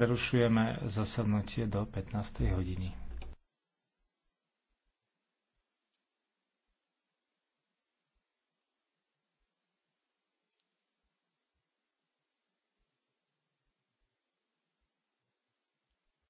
Prerušujeme zasadnutie do 15. hodiny.